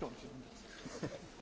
Don't you?